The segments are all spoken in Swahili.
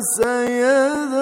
سيذكر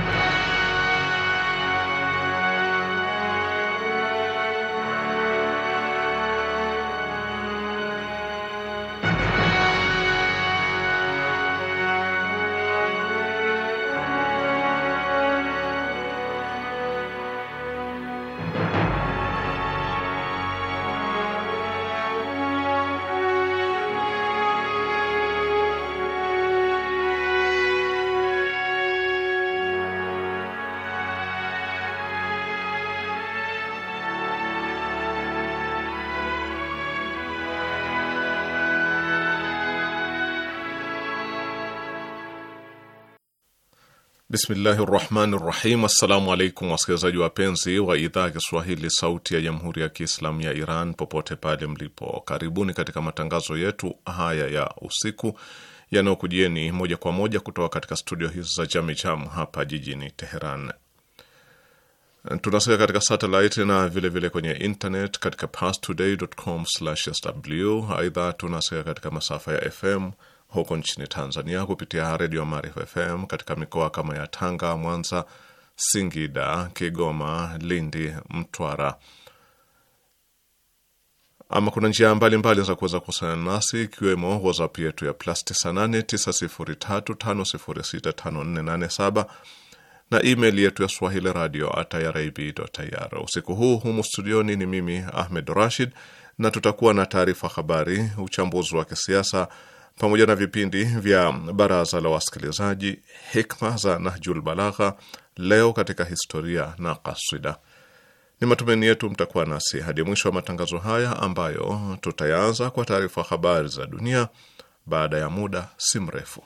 Bismillahi rahmani rahim. Assalamu alaikum wasikilizaji wapenzi wa idhaa ya Kiswahili sauti ya jamhuri ya Kiislamu ya Iran popote pale mlipo, karibuni katika matangazo yetu haya ya usiku yanayokujieni moja kwa moja kutoka katika studio hizi za Jamijam hapa jijini Teheran. Tunasikia katika satellite na vilevile vile kwenye internet katika parstoday.com/sw. Aidha tunasikia katika masafa ya FM huko nchini Tanzania kupitia redio Maarifa FM katika mikoa kama ya Tanga, Mwanza, Singida, Kigoma, Lindi, Mtwara. Ama kuna njia mbalimbali za kuweza kuwasiliana nasi ikiwemo WhatsApp yetu ya plus 989035065487 na email yetu ya swahili radio at irib.ir. Usiku huu humu studioni ni mimi Ahmed Rashid, na tutakuwa na taarifa habari, uchambuzi wa kisiasa pamoja na vipindi vya baraza la wasikilizaji, hikma za Nahjul Balagha, leo katika historia na kasida. Ni matumaini yetu mtakuwa nasi hadi mwisho wa matangazo haya ambayo tutayaanza kwa taarifa habari za dunia baada ya muda si mrefu.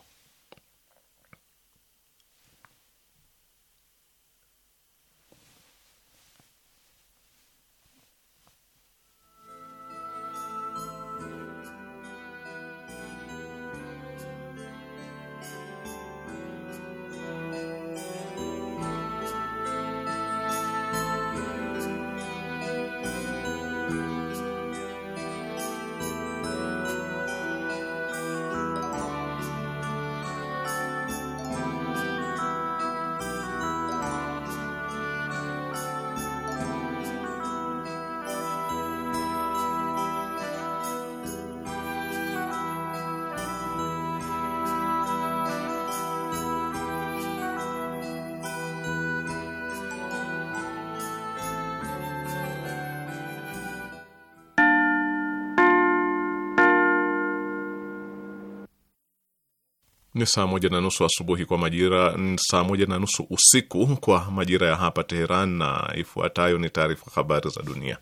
ni saa moja na nusu asubuhi kwa majira, saa moja na nusu usiku kwa majira ya hapa Teheran, na ifuatayo ni taarifa habari za dunia.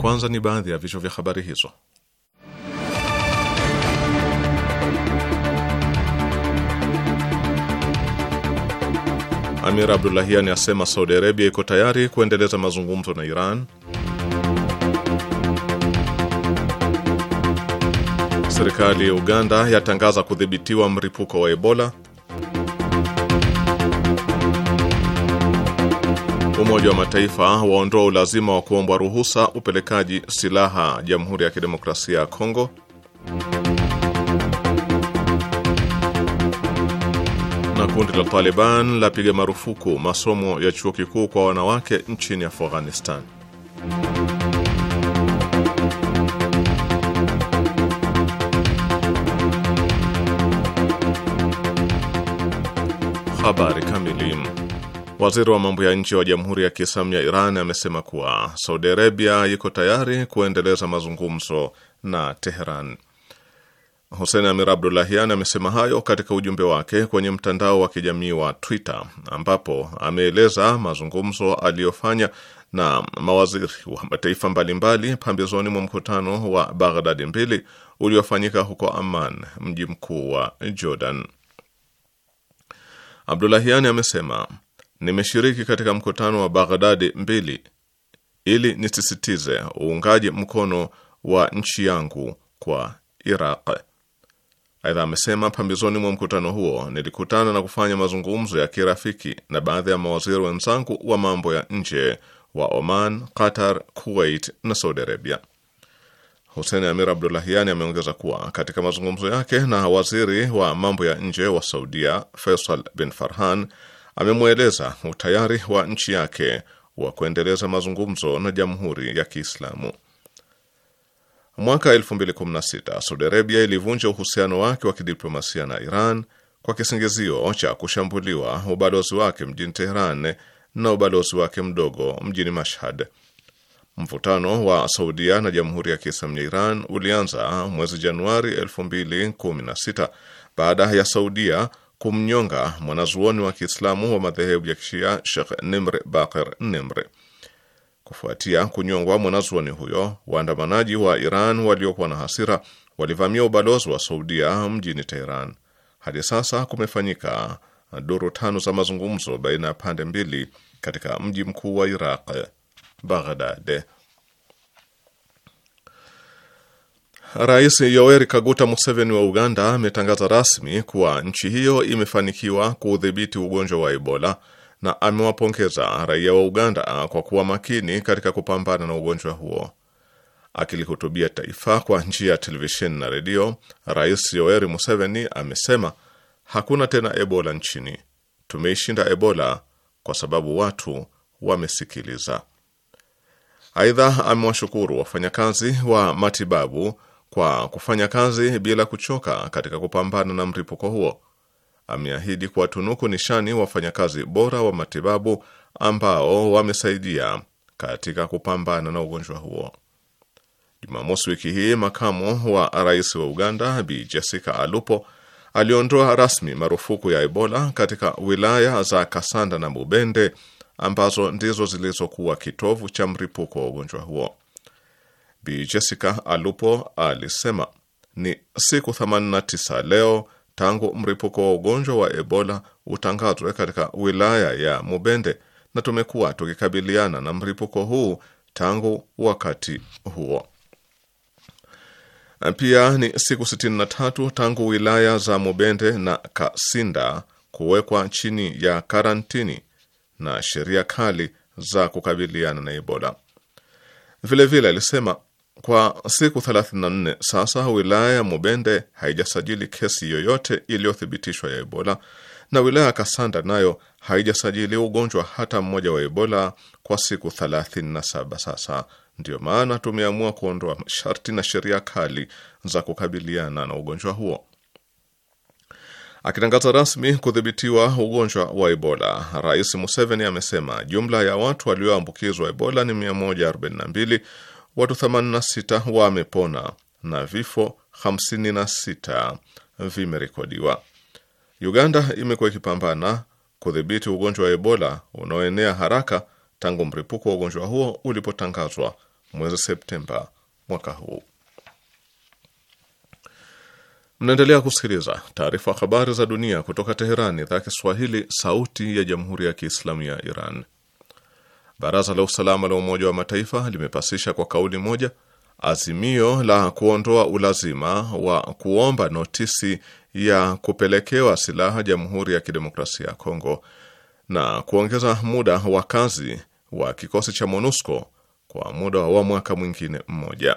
Kwanza ni baadhi ya vichwa vya habari hizo. Amir Abdulahian asema Saudi Arabia iko tayari kuendeleza mazungumzo na Iran. Serikali ya Uganda yatangaza kudhibitiwa mripuko wa Ebola. Umoja wa Mataifa waondoa ulazima wa kuombwa ruhusa upelekaji silaha Jamhuri ya Kidemokrasia ya Kongo. Kundi la Taliban lapiga marufuku masomo ya chuo kikuu kwa wanawake nchini Afghanistan. Habari kamili. Waziri wa mambo ya nje wa Jamhuri ya Kiislamu ya Iran amesema kuwa Saudi Arabia iko tayari kuendeleza mazungumzo na Teheran. Hussein Amir Abdullahian amesema hayo katika ujumbe wake kwenye mtandao wa kijamii wa Twitter ambapo ameeleza mazungumzo aliyofanya na mawaziri wa mataifa mbalimbali pambizoni mwa mkutano wa Baghdadi mbili uliofanyika huko Amman, mji mkuu wa Jordan. Abdullahian amesema, nimeshiriki katika mkutano wa Baghdadi mbili ili nisisitize uungaji mkono wa nchi yangu kwa Iraq. Aidha amesema pambizoni mwa mkutano huo nilikutana na kufanya mazungumzo ya kirafiki na baadhi ya mawaziri wenzangu wa mambo ya nje wa Oman, Qatar, Kuwait na Saudi Arabia. husen Amir Abdulahiani ameongeza kuwa katika mazungumzo yake na waziri wa mambo ya nje wa Saudia, Faisal bin Farhan, amemweleza utayari wa nchi yake wa kuendeleza mazungumzo na Jamhuri ya Kiislamu Mwaka 2016 Saudi Arabia ilivunja uhusiano wake wa kidiplomasia na Iran kwa kisingizio cha kushambuliwa ubalozi wake mjini Teheran na ubalozi wake mdogo mjini Mashhad. Mvutano wa Saudia na Jamhuri ya Kiislamu ya Iran ulianza mwezi Januari 2016 baada ya Saudia kumnyonga mwanazuoni wa Kiislamu wa madhehebu ya Kishia Sheikh Nimr Bakr Nimr. Kufuatia kunyongwa mwanazuoni huyo, waandamanaji wa Iran waliokuwa na hasira walivamia ubalozi wa Saudia mjini Teheran. Hadi sasa kumefanyika duru tano za mazungumzo baina ya pande mbili katika mji mkuu wa Iraq, Baghdad. Rais Yoweri Kaguta Museveni wa Uganda ametangaza rasmi kuwa nchi hiyo imefanikiwa kuudhibiti ugonjwa wa Ebola na amewapongeza raia wa Uganda kwa kuwa makini katika kupambana na ugonjwa huo. Akilihutubia taifa kwa njia ya televisheni na redio, Rais Yoweri Museveni amesema hakuna tena Ebola nchini, tumeishinda Ebola kwa sababu watu wamesikiliza. Aidha, amewashukuru wafanyakazi wa matibabu kwa kufanya kazi bila kuchoka katika kupambana na mripuko huo ameahidi kuwatunuku nishani wafanyakazi bora wa matibabu ambao wamesaidia katika kupambana na ugonjwa huo. Jumamosi wiki hii, makamu wa rais wa Uganda Bi Jessica Alupo aliondoa rasmi marufuku ya Ebola katika wilaya za Kasanda na Mubende ambazo ndizo zilizokuwa kitovu cha mripuko wa ugonjwa huo. Bi Jessica Alupo alisema ni siku 89 leo tangu mripuko wa ugonjwa wa Ebola utangazwe katika wilaya ya Mubende na tumekuwa tukikabiliana na mripuko huu tangu wakati huo. Pia ni siku 63 tangu wilaya za Mubende na Kasinda kuwekwa chini ya karantini na sheria kali za kukabiliana na Ebola. Vilevile alisema vile, kwa siku 34 sasa wilaya ya Mubende haijasajili kesi yoyote iliyothibitishwa ya Ebola na wilaya ya Kasanda nayo haijasajili ugonjwa hata mmoja wa Ebola kwa siku 37 sasa. Ndiyo maana tumeamua kuondoa masharti na sheria kali za kukabiliana na ugonjwa huo. Akitangaza rasmi kudhibitiwa ugonjwa wa Ebola, Rais Museveni amesema jumla ya watu walioambukizwa Ebola ni 142 watu 86 wamepona na vifo 56 vimerekodiwa. Uganda imekuwa ikipambana kudhibiti ugonjwa wa Ebola unaoenea haraka tangu mlipuko wa ugonjwa huo ulipotangazwa mwezi Septemba mwaka huu. Mnaendelea kusikiliza taarifa habari za dunia kutoka Teherani, idhaa ya Kiswahili, sauti ya jamhuri ya kiislamu ya Iran. Baraza la Usalama la Umoja wa Mataifa limepasisha kwa kauli moja azimio la kuondoa ulazima wa kuomba notisi ya kupelekewa silaha Jamhuri ya Kidemokrasia ya Kongo na kuongeza muda wa kazi wa kikosi cha MONUSCO kwa muda wa mwaka mwingine mmoja.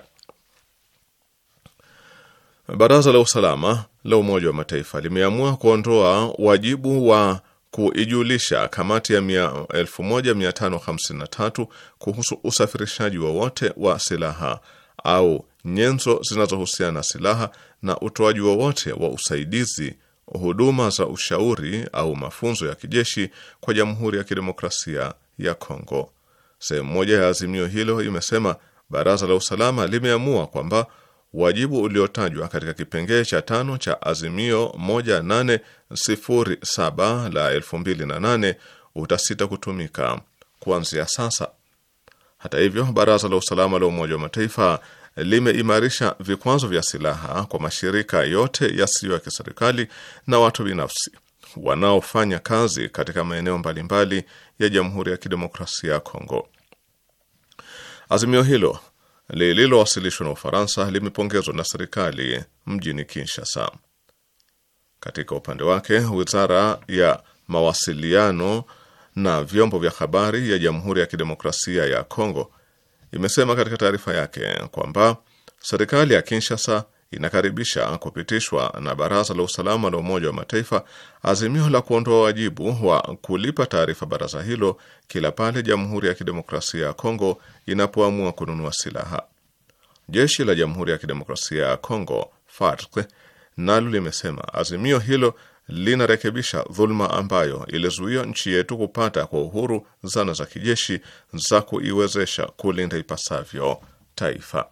Baraza la Usalama la Umoja wa Mataifa limeamua kuondoa wajibu wa kuijulisha kamati ya 1553 kuhusu usafirishaji wowote wa, wa silaha au nyenzo zinazohusiana na silaha na utoaji wowote wa, wa usaidizi, huduma za ushauri au mafunzo ya kijeshi kwa Jamhuri ya Kidemokrasia ya Kongo. Sehemu moja ya azimio hilo imesema baraza la usalama limeamua kwamba wajibu uliotajwa katika kipengee cha tano cha azimio 1807 la 2008 utasita kutumika kuanzia sasa. Hata hivyo, baraza la usalama la Umoja wa Mataifa limeimarisha vikwazo vya silaha kwa mashirika yote yasiyo ya kiserikali na watu binafsi wanaofanya kazi katika maeneo mbalimbali ya Jamhuri ya Kidemokrasia ya Kongo. Azimio hilo lililowasilishwa na Ufaransa limepongezwa na serikali mjini Kinshasa. Katika upande wake, wizara ya mawasiliano na vyombo vya habari ya Jamhuri ya Kidemokrasia ya Kongo imesema katika taarifa yake kwamba serikali ya Kinshasa inakaribisha kupitishwa na Baraza la Usalama la Umoja wa Mataifa azimio la kuondoa wajibu wa kulipa taarifa baraza hilo kila pale Jamhuri ya Kidemokrasia ya Kongo inapoamua kununua silaha. Jeshi la Jamhuri ya Kidemokrasia ya Kongo fark nalo limesema azimio hilo linarekebisha dhuluma ambayo ilizuia nchi yetu kupata kwa uhuru zana za kijeshi za kuiwezesha kulinda ipasavyo taifa.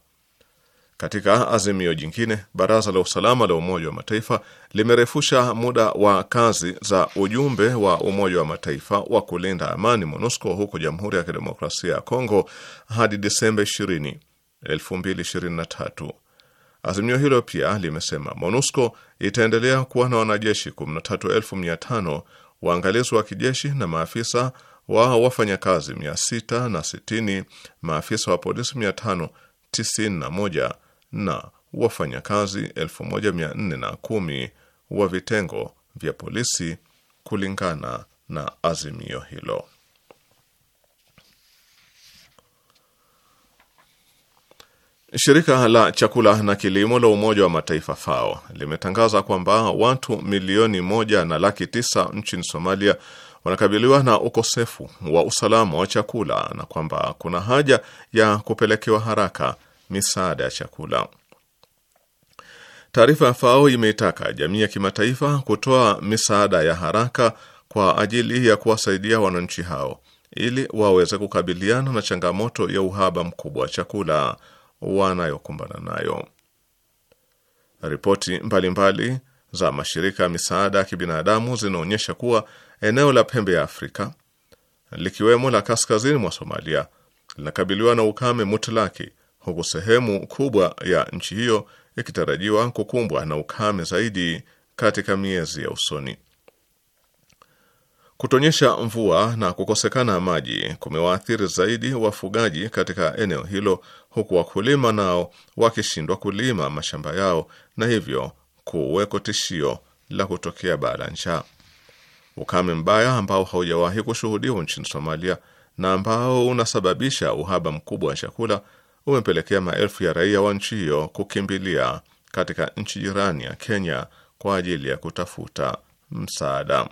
Katika azimio jingine, baraza la usalama la Umoja wa Mataifa limerefusha muda wa kazi za ujumbe wa Umoja wa Mataifa wa kulinda amani MONUSCO huko Jamhuri ya Kidemokrasia ya Kongo hadi Disemba 20, 2023. Azimio hilo pia limesema MONUSCO itaendelea kuwa na wanajeshi 13500 waangalizi wa kijeshi na maafisa wa wafanyakazi 660, maafisa wa polisi 591 na wafanyakazi 1410 wa vitengo vya polisi kulingana na azimio hilo. Shirika la chakula na kilimo la Umoja wa Mataifa FAO limetangaza kwamba watu milioni moja na laki tisa nchini Somalia wanakabiliwa na ukosefu wa usalama wa chakula na kwamba kuna haja ya kupelekewa haraka misaada ya chakula. Taarifa ya FAO imeitaka jamii ya kimataifa kutoa misaada ya haraka kwa ajili ya kuwasaidia wananchi hao ili waweze kukabiliana na changamoto ya uhaba mkubwa wa chakula wanayokumbana nayo. Ripoti mbalimbali za mashirika ya misaada ya kibinadamu zinaonyesha kuwa eneo la pembe ya Afrika likiwemo la kaskazini mwa Somalia linakabiliwa na ukame mutlaki huku sehemu kubwa ya nchi hiyo ikitarajiwa kukumbwa na ukame zaidi katika miezi ya usoni. Kutonyesha mvua na kukosekana maji kumewaathiri zaidi wafugaji katika eneo hilo, huku wakulima nao wakishindwa kulima mashamba yao na hivyo kuweko tishio la kutokea baa la njaa. Ukame mbaya ambao haujawahi kushuhudiwa nchini Somalia na ambao unasababisha uhaba mkubwa wa chakula umepelekea maelfu ya raia wa nchi hiyo kukimbilia katika nchi jirani ya Kenya kwa ajili ya kutafuta msaada.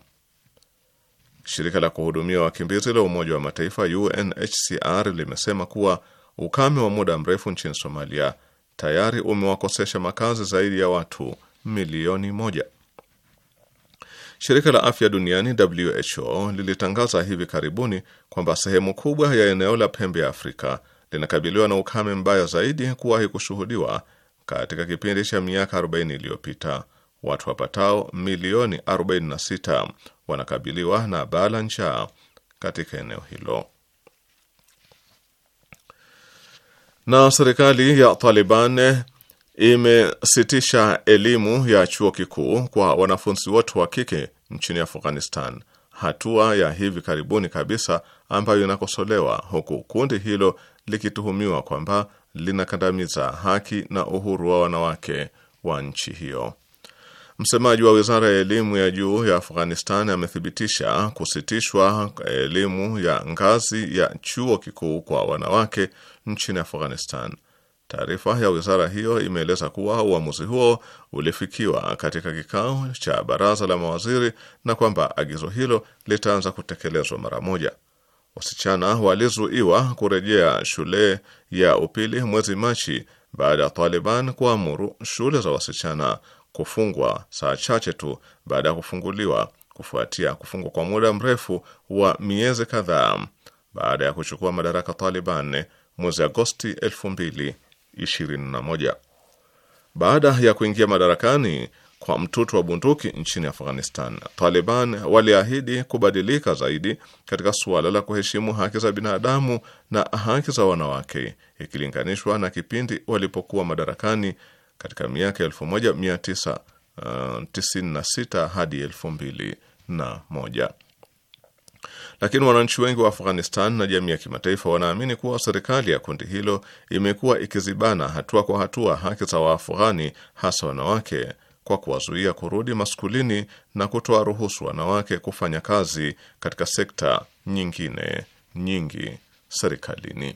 Shirika la kuhudumia wakimbizi la Umoja wa Mataifa UNHCR limesema kuwa ukame wa muda mrefu nchini Somalia tayari umewakosesha makazi zaidi ya watu milioni moja. Shirika la Afya Duniani WHO lilitangaza hivi karibuni kwamba sehemu kubwa ya eneo la pembe ya Afrika linakabiliwa na ukame mbaya zaidi kuwahi kushuhudiwa katika kipindi cha miaka 40 iliyopita. Watu wapatao milioni 46 wanakabiliwa na baa la njaa katika eneo hilo. Na serikali ya Taliban imesitisha elimu ya chuo kikuu kwa wanafunzi wote wa kike nchini Afghanistan, hatua ya hivi karibuni kabisa ambayo inakosolewa, huku kundi hilo likituhumiwa kwamba linakandamiza haki na uhuru wa wanawake wa nchi hiyo. Msemaji wa wizara ya elimu ya juu ya Afghanistan amethibitisha kusitishwa elimu ya ngazi ya chuo kikuu kwa wanawake nchini Afghanistan. Taarifa ya wizara hiyo imeeleza kuwa uamuzi huo ulifikiwa katika kikao cha baraza la mawaziri na kwamba agizo hilo litaanza kutekelezwa mara moja. Wasichana walizuiwa kurejea shule ya upili mwezi Machi baada ya Taliban kuamuru shule za wasichana kufungwa saa chache tu baada ya kufunguliwa kufuatia kufungwa kwa muda mrefu wa miezi kadhaa baada ya kuchukua madaraka Taliban mwezi Agosti 2021. Baada ya kuingia madarakani kwa mtutu wa bunduki nchini Afghanistan. Taliban waliahidi kubadilika zaidi katika suala la kuheshimu haki za binadamu na haki za wanawake ikilinganishwa na kipindi walipokuwa madarakani katika miaka 1996 uh, hadi 2001. Lakini wananchi wengi wa Afghanistan na jamii ya kimataifa wanaamini kuwa serikali ya kundi hilo imekuwa ikizibana hatua kwa hatua haki za Waafghani, hasa wanawake kwa kuwazuia kurudi maskulini na kutoa ruhusu wanawake kufanya kazi katika sekta nyingine nyingi serikalini.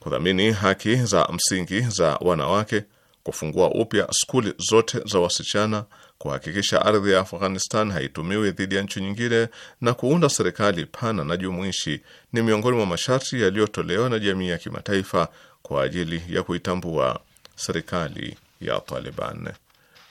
Kudhamini haki za msingi za wanawake, kufungua upya skuli zote za wasichana, kuhakikisha ardhi ya Afghanistan haitumiwi dhidi ya nchi nyingine na kuunda serikali pana na jumuishi ni miongoni mwa masharti yaliyotolewa na jamii ya kimataifa kwa ajili ya kuitambua serikali ya Taliban.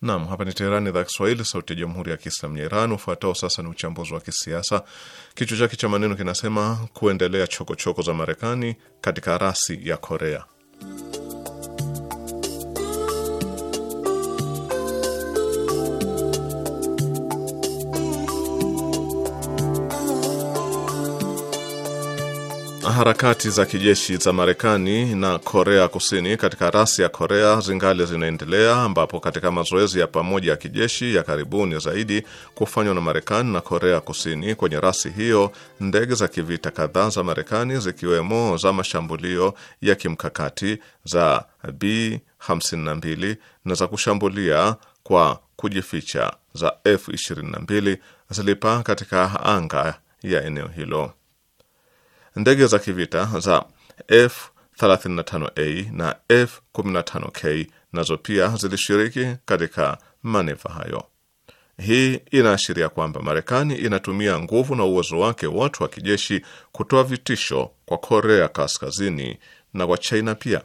Naam, hapa ni Teherani, idhaa Kiswahili, sauti ya jamhuri ya kiislamu ya Iran. Ufuatao sasa ni uchambuzi wa kisiasa, kichwa chake cha maneno kinasema kuendelea chokochoko choko za Marekani katika rasi ya Korea. Harakati za kijeshi za Marekani na Korea Kusini katika rasi ya Korea zingali zinaendelea, ambapo katika mazoezi ya pamoja ya kijeshi ya karibuni zaidi kufanywa na Marekani na Korea Kusini kwenye rasi hiyo, ndege za kivita kadhaa za Marekani zikiwemo za mashambulio ya kimkakati za B52 na za kushambulia kwa kujificha za F22 zilipaa katika anga ya eneo hilo ndege za kivita za F35A na F15K nazo pia zilishiriki katika maneva hayo. Hii inaashiria kwamba Marekani inatumia nguvu na uwezo wake wote wa kijeshi kutoa vitisho kwa Korea Kaskazini na kwa China pia.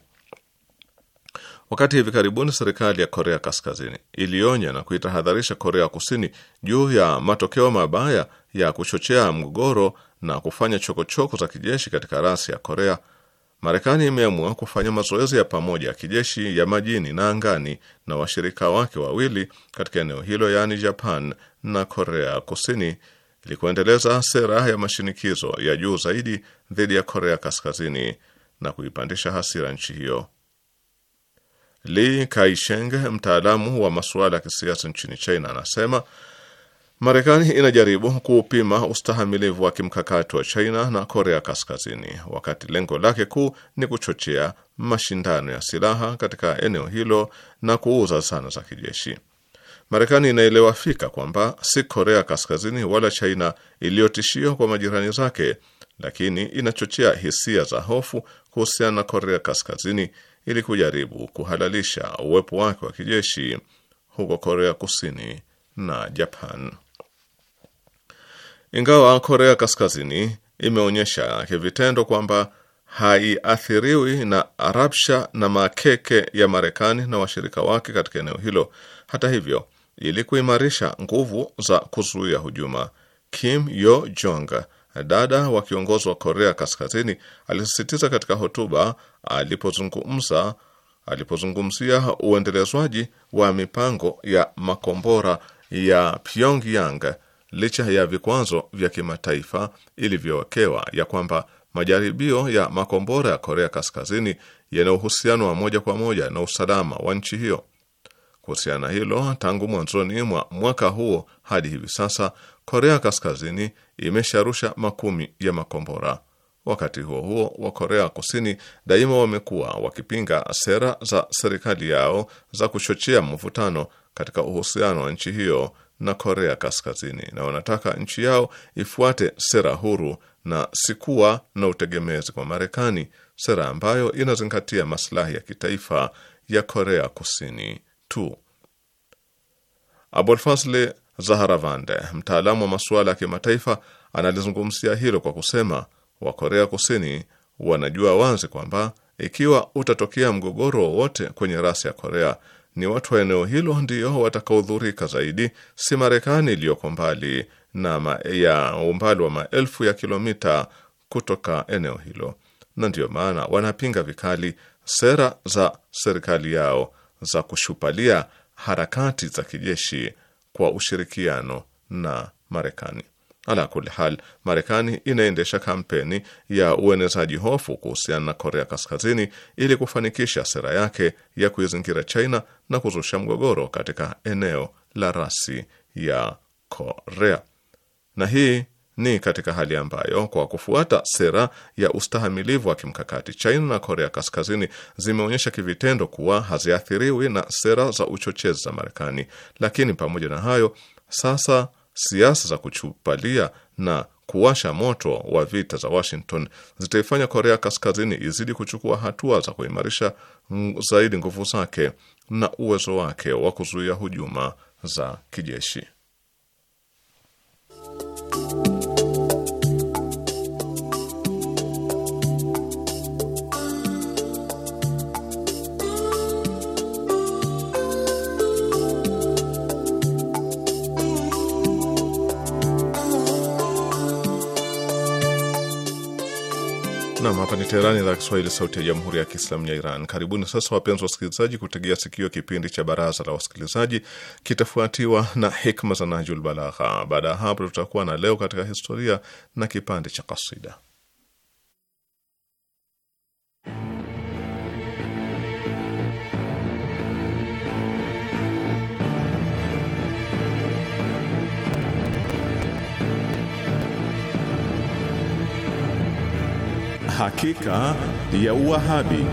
Wakati hivi karibuni serikali ya Korea Kaskazini ilionya na kuitahadharisha Korea Kusini juu ya matokeo mabaya ya kuchochea mgogoro na kufanya chokochoko za kijeshi katika rasi ya Korea, Marekani imeamua kufanya mazoezi ya pamoja ya kijeshi ya majini na angani na washirika wake wawili katika eneo hilo, yaani Japan na Korea Kusini, ili kuendeleza sera ya mashinikizo ya juu zaidi dhidi ya Korea Kaskazini na kuipandisha hasira nchi hiyo. Li Kaisheng, mtaalamu wa masuala ya kisiasa nchini China, anasema Marekani inajaribu kuupima ustahamilivu wa kimkakati wa China na Korea Kaskazini, wakati lengo lake kuu ni kuchochea mashindano ya silaha katika eneo hilo na kuuza zana za kijeshi. Marekani inaelewa fika kwamba si Korea Kaskazini wala China iliyotishiwa kwa majirani zake, lakini inachochea hisia za hofu kuhusiana na Korea Kaskazini ili kujaribu kuhalalisha uwepo wake wa kijeshi huko Korea Kusini na Japan. Ingawa Korea Kaskazini imeonyesha kivitendo kwamba haiathiriwi na rabsha na makeke ya Marekani na washirika wake katika eneo hilo. Hata hivyo, ili kuimarisha nguvu za kuzuia hujuma, Kim Yo Jong, dada wa kiongozi wa Korea Kaskazini, alisisitiza katika hotuba alipozungumza alipozungumzia uendelezwaji wa mipango ya makombora ya Pyongyang licha ya vikwazo vya kimataifa ilivyowekewa ya kwamba majaribio ya makombora ya Korea Kaskazini yana uhusiano wa moja kwa moja na usalama wa nchi hiyo. Kuhusiana na hilo, tangu mwanzoni mwa mwaka huo hadi hivi sasa, Korea Kaskazini imesharusha makumi ya makombora. Wakati huo huo, wa Korea Kusini daima wamekuwa wakipinga sera za serikali yao za kuchochea mvutano katika uhusiano wa nchi hiyo na Korea Kaskazini na wanataka nchi yao ifuate sera huru na sikuwa na utegemezi kwa Marekani, sera ambayo inazingatia maslahi ya kitaifa ya Korea Kusini tu. Abulfazli Zaharavande, mtaalamu wa masuala ya kimataifa, analizungumzia hilo kwa kusema Wakorea Kusini wanajua wazi kwamba ikiwa utatokea mgogoro wowote kwenye rasi ya Korea, ni watu wa eneo hilo ndio watakaodhurika zaidi, si Marekani iliyoko mbali na ma ya umbali wa maelfu ya kilomita kutoka eneo hilo, na ndiyo maana wanapinga vikali sera za serikali yao za kushupalia harakati za kijeshi kwa ushirikiano na Marekani. Ala kuli hal, Marekani inaendesha kampeni ya uenezaji hofu kuhusiana na Korea Kaskazini ili kufanikisha sera yake ya kuizingira China na kuzusha mgogoro katika eneo la rasi ya Korea. Na hii ni katika hali ambayo kwa kufuata sera ya ustahamilivu wa kimkakati, China na Korea Kaskazini zimeonyesha kivitendo kuwa haziathiriwi na sera za uchochezi za Marekani. Lakini pamoja na hayo sasa siasa za kuchupalia na kuwasha moto wa vita za Washington zitaifanya Korea Kaskazini izidi kuchukua hatua za kuimarisha zaidi nguvu zake na uwezo wake wa kuzuia hujuma za kijeshi. Naam, hapa ni Teherani, idhaa ya Kiswahili, sauti ya jamhuri ya kiislamu ya Iran. Karibuni sasa wapenzi wasikilizaji, kutegea sikio kipindi cha baraza la wasikilizaji, kitafuatiwa na hikma za najul Balagha. Baada ya hapo, tutakuwa na leo katika historia na kipande cha kasida. hakika ya Wahabi.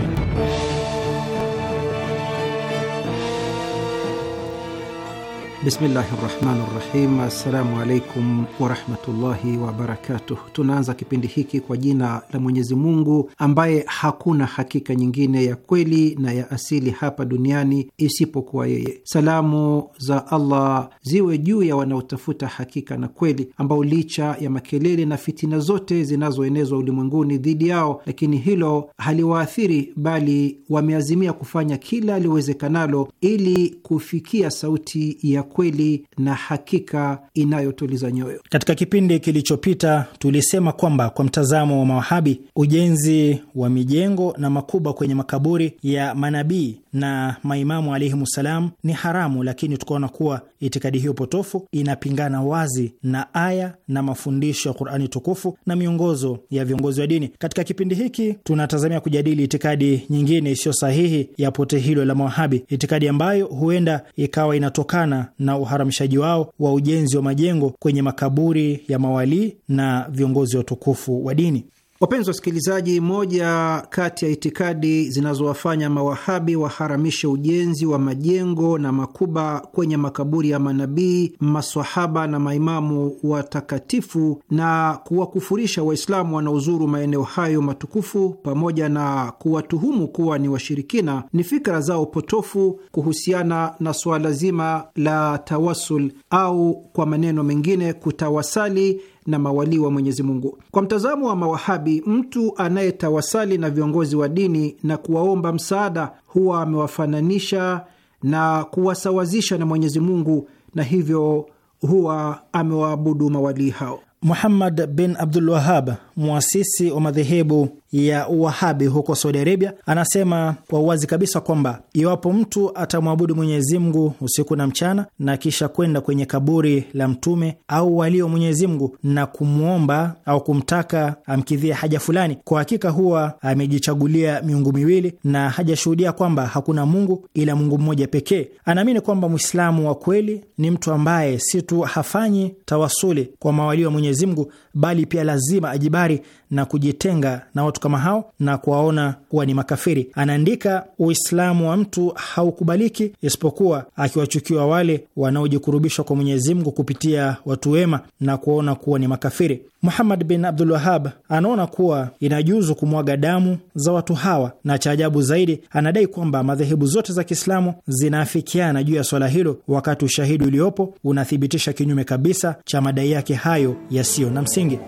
Bismillahi rahmani rahim. Assalamu alaikum warahmatullahi wabarakatuh. Tunaanza kipindi hiki kwa jina la Mwenyezi Mungu ambaye hakuna hakika nyingine ya kweli na ya asili hapa duniani isipokuwa yeye. Salamu za Allah ziwe juu ya wanaotafuta hakika na kweli, ambao licha ya makelele na fitina zote zinazoenezwa ulimwenguni dhidi yao, lakini hilo haliwaathiri, bali wameazimia kufanya kila aliowezekanalo ili kufikia sauti ya kweli na hakika inayotuliza nyoyo. Katika kipindi kilichopita tulisema kwamba kwa mtazamo wa Mawahabi, ujenzi wa mijengo na makuba kwenye makaburi ya manabii na maimamu salam ni haramu, lakini tukaona kuwa itikadi hiyo potofu inapingana wazi na aya na mafundisho ya Qurani tukufu na miongozo ya viongozi wa dini. Katika kipindi hiki tunatazamia kujadili itikadi nyingine isiyo sahihi ya pote hilo la Mawahabi, itikadi ambayo huenda ikawa inatokana na uharamishaji wao wa ujenzi wa majengo kwenye makaburi ya mawalii na viongozi watukufu wa dini. Wapenzi wa wasikilizaji, moja kati ya itikadi zinazowafanya mawahabi waharamishe ujenzi wa majengo na makuba kwenye makaburi ya manabii, maswahaba na maimamu watakatifu na kuwakufurisha Waislamu wanaozuru maeneo hayo matukufu pamoja na kuwatuhumu kuwa ni washirikina ni fikra zao potofu kuhusiana na suala zima la tawasul au kwa maneno mengine kutawasali na mawalii wa Mwenyezi Mungu. Kwa mtazamo wa Mawahabi, mtu anayetawasali na viongozi wa dini na kuwaomba msaada huwa amewafananisha na kuwasawazisha na Mwenyezi Mungu, na hivyo huwa amewaabudu mawalii hao. Muhammad bin Abdul Wahab, mwasisi wa madhehebu ya Wahabi huko Saudi Arabia, anasema kwa uwazi kabisa kwamba iwapo mtu atamwabudu Mwenyezi Mungu usiku na mchana na kisha kwenda kwenye kaburi la Mtume au walio Mwenyezi Mungu na kumwomba au kumtaka amkidhie haja fulani, kwa hakika huwa amejichagulia miungu miwili na hajashuhudia kwamba hakuna Mungu ila Mungu mmoja pekee. Anaamini kwamba Mwislamu wa kweli ni mtu ambaye si tu hafanyi tawasuli kwa mawalio wa Mwenyezi Mungu, bali pia lazima ajibari na kujitenga na watu watu kama hao na kuwaona kuwa ni makafiri. Anaandika, Uislamu wa mtu haukubaliki isipokuwa akiwachukiwa wale wanaojikurubishwa kwa Mwenyezi Mungu kupitia watu wema na kuwaona kuwa ni makafiri. Muhammad bin Abdul Wahab anaona kuwa inajuzu kumwaga damu za watu hawa, na cha ajabu zaidi, anadai kwamba madhehebu zote za Kiislamu zinaafikiana juu ya swala hilo, wakati ushahidi uliopo unathibitisha kinyume kabisa cha madai yake hayo yasiyo na msingi.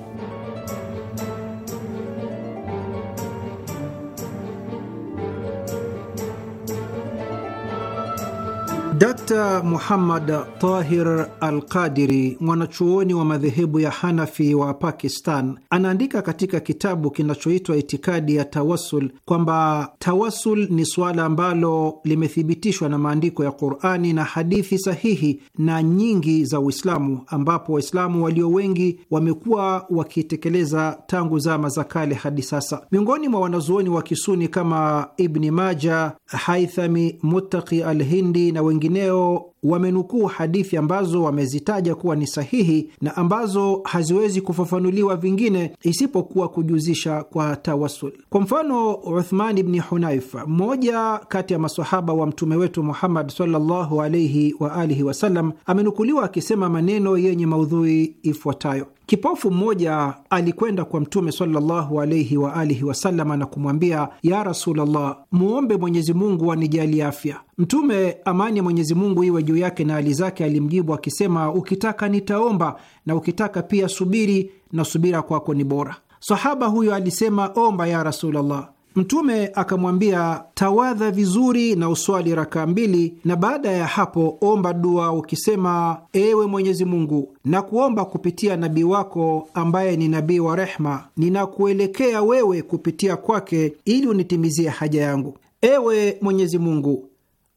Dr Muhammad Tahir Al-Qadiri, mwanachuoni wa madhehebu ya Hanafi wa Pakistan, anaandika katika kitabu kinachoitwa Itikadi ya Tawasul kwamba tawasul ni suala ambalo limethibitishwa na maandiko ya Qurani na hadithi sahihi na nyingi za Uislamu, ambapo Waislamu walio wengi wamekuwa wakitekeleza tangu zama za kale hadi sasa. Miongoni mwa wanazuoni wa Kisuni kama Ibni Maja, Haithami, Muttaqi Alhindi na wengine mengineo wamenukuu hadithi ambazo wamezitaja kuwa ni sahihi na ambazo haziwezi kufafanuliwa vingine isipokuwa kujuzisha kwa tawasul. Kwa mfano, Uthman ibni hunaifa mmoja kati ya masahaba wa mtume wetu Muhammad sallallahu alaihi wa alihi wasallam, amenukuliwa akisema maneno yenye maudhui ifuatayo: Kipofu mmoja alikwenda kwa Mtume sallallahu alaihi wa alihi na kumwambia, ya Rasulallah, muombe Mwenyezi Mungu anijalie afya. Mtume, amani ya Mwenyezi Mungu iwe juu yake na hali zake, alimjibu akisema, ukitaka nitaomba, na ukitaka pia subiri, na subira kwako ni bora. Sahaba huyo alisema, omba ya Rasulullah. Mtume akamwambia, tawadha vizuri na uswali rakaa mbili, na baada ya hapo omba dua ukisema, ewe Mwenyezi Mungu, nakuomba kupitia nabii wako ambaye ni nabii wa rehma, ninakuelekea wewe kupitia kwake ili unitimizie haja yangu. Ewe Mwenyezi Mungu,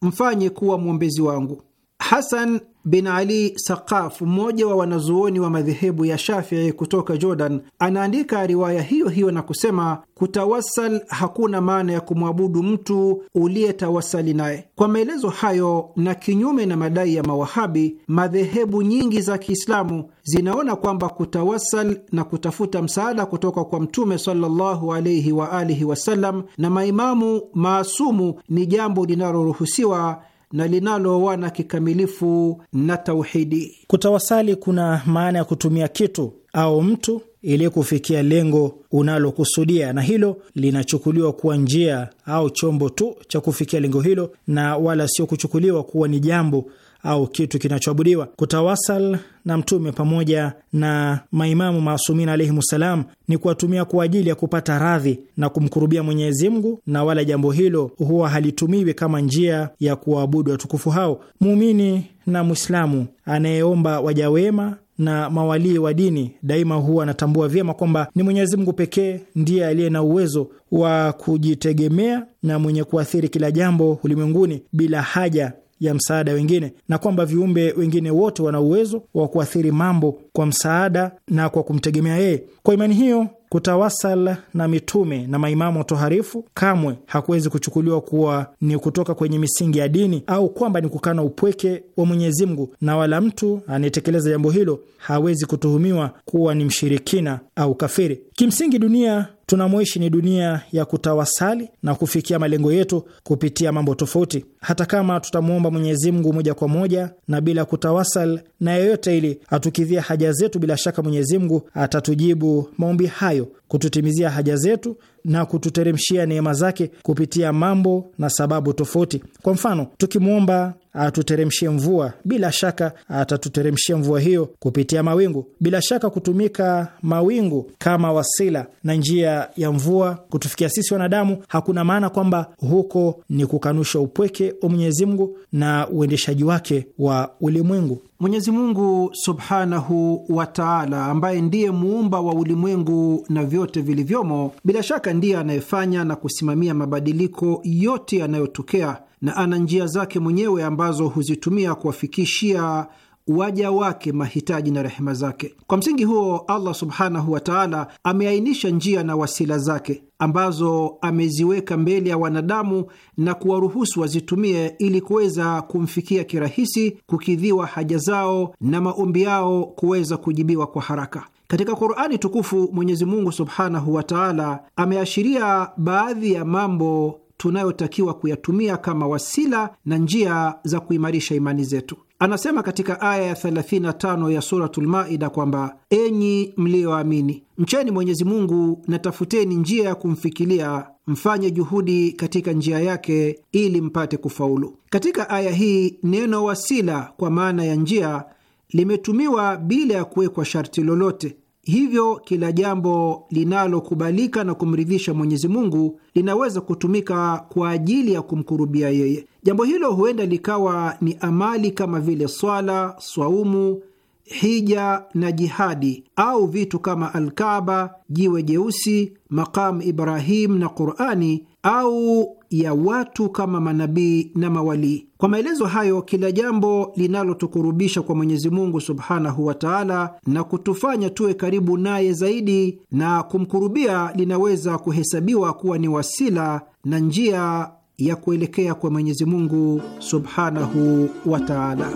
mfanye kuwa mwombezi wangu, Hasan bin Ali Saqaf, mmoja wa wanazuoni wa madhehebu ya Shafii kutoka Jordan, anaandika riwaya hiyo hiyo na kusema, kutawasal hakuna maana ya kumwabudu mtu uliyetawasali naye. Kwa maelezo hayo na kinyume na madai ya Mawahabi, madhehebu nyingi za Kiislamu zinaona kwamba kutawasal na kutafuta msaada kutoka kwa Mtume sallallahu alaihi wa alihi wasallam na maimamu maasumu ni jambo linaloruhusiwa na linaloana kikamilifu na tauhidi. Kutawasali kuna maana ya kutumia kitu au mtu ili kufikia lengo unalokusudia, na hilo linachukuliwa kuwa njia au chombo tu cha kufikia lengo hilo, na wala sio kuchukuliwa kuwa ni jambo au kitu kinachoabudiwa. Kutawasal na Mtume pamoja na maimamu maasumin salam ni kuwatumia kwa ajili ya kupata radhi na kumkurubia Mwenyezi Mungu, na wala jambo hilo huwa halitumiwi kama njia ya kuwaabudu watukufu hao. Muumini na Mwislamu anayeomba waja wema na mawalii wa dini daima huwa anatambua vyema kwamba ni Mwenyezi Mungu pekee ndiye aliye na uwezo wa kujitegemea na mwenye kuathiri kila jambo ulimwenguni bila haja ya msaada wengine, na kwamba viumbe wengine wote wana uwezo wa kuathiri mambo kwa msaada na kwa kumtegemea yeye. Kwa imani hiyo, kutawasal na mitume na maimamu toharifu kamwe hakuwezi kuchukuliwa kuwa ni kutoka kwenye misingi ya dini au kwamba ni kukana upweke wa Mwenyezi Mungu, na wala mtu anayetekeleza jambo hilo hawezi kutuhumiwa kuwa ni mshirikina au kafiri. Kimsingi dunia tunamoishi ni dunia ya kutawasali na kufikia malengo yetu kupitia mambo tofauti. Hata kama tutamwomba Mwenyezi Mungu moja kwa moja na bila kutawasal na yeyote ili atukidhia haja zetu, bila shaka Mwenyezi Mungu atatujibu maombi hayo, kututimizia haja zetu na kututeremshia neema zake kupitia mambo na sababu tofauti. Kwa mfano, tukimwomba atuteremshie mvua, bila shaka atatuteremshia mvua hiyo kupitia mawingu. Bila shaka kutumika mawingu kama wasila na njia ya mvua kutufikia sisi wanadamu, hakuna maana kwamba huko ni kukanusha upweke wa Mwenyezi Mungu na uendeshaji wake wa ulimwengu. Mwenyezi Mungu subhanahu wa taala, ambaye ndiye muumba wa ulimwengu na vyote vilivyomo, bila shaka ndiye anayefanya na kusimamia mabadiliko yote yanayotokea, na ana njia zake mwenyewe ambazo huzitumia kuwafikishia waja wake mahitaji na rehema zake. Kwa msingi huo, Allah subhanahu wa taala ameainisha njia na wasila zake ambazo ameziweka mbele ya wanadamu na kuwaruhusu wazitumie ili kuweza kumfikia kirahisi, kukidhiwa haja zao na maombi yao kuweza kujibiwa kwa haraka. Katika Qurani tukufu Mwenyezi Mungu subhanahu wa taala ameashiria baadhi ya mambo tunayotakiwa kuyatumia kama wasila na njia za kuimarisha imani zetu. Anasema katika aya ya 35 ya Suratul Maida kwamba enyi mliyoamini, mcheni Mwenyezi Mungu na tafuteni njia ya kumfikilia mfanye juhudi katika njia yake ili mpate kufaulu. Katika aya hii neno wasila kwa maana ya njia limetumiwa bila ya kuwekwa sharti lolote. Hivyo kila jambo linalokubalika na kumridhisha Mwenyezi Mungu linaweza kutumika kwa ajili ya kumkurubia yeye. Jambo hilo huenda likawa ni amali kama vile swala, swaumu hija na jihadi au vitu kama alkaba jiwe jeusi, Maqamu Ibrahim na Qurani au ya watu kama manabii na mawalii. Kwa maelezo hayo, kila jambo linalotukurubisha kwa Mwenyezi Mungu subhanahu wa taala na kutufanya tuwe karibu naye zaidi na kumkurubia linaweza kuhesabiwa kuwa ni wasila na njia ya kuelekea kwa Mwenyezi Mungu subhanahu wa taala.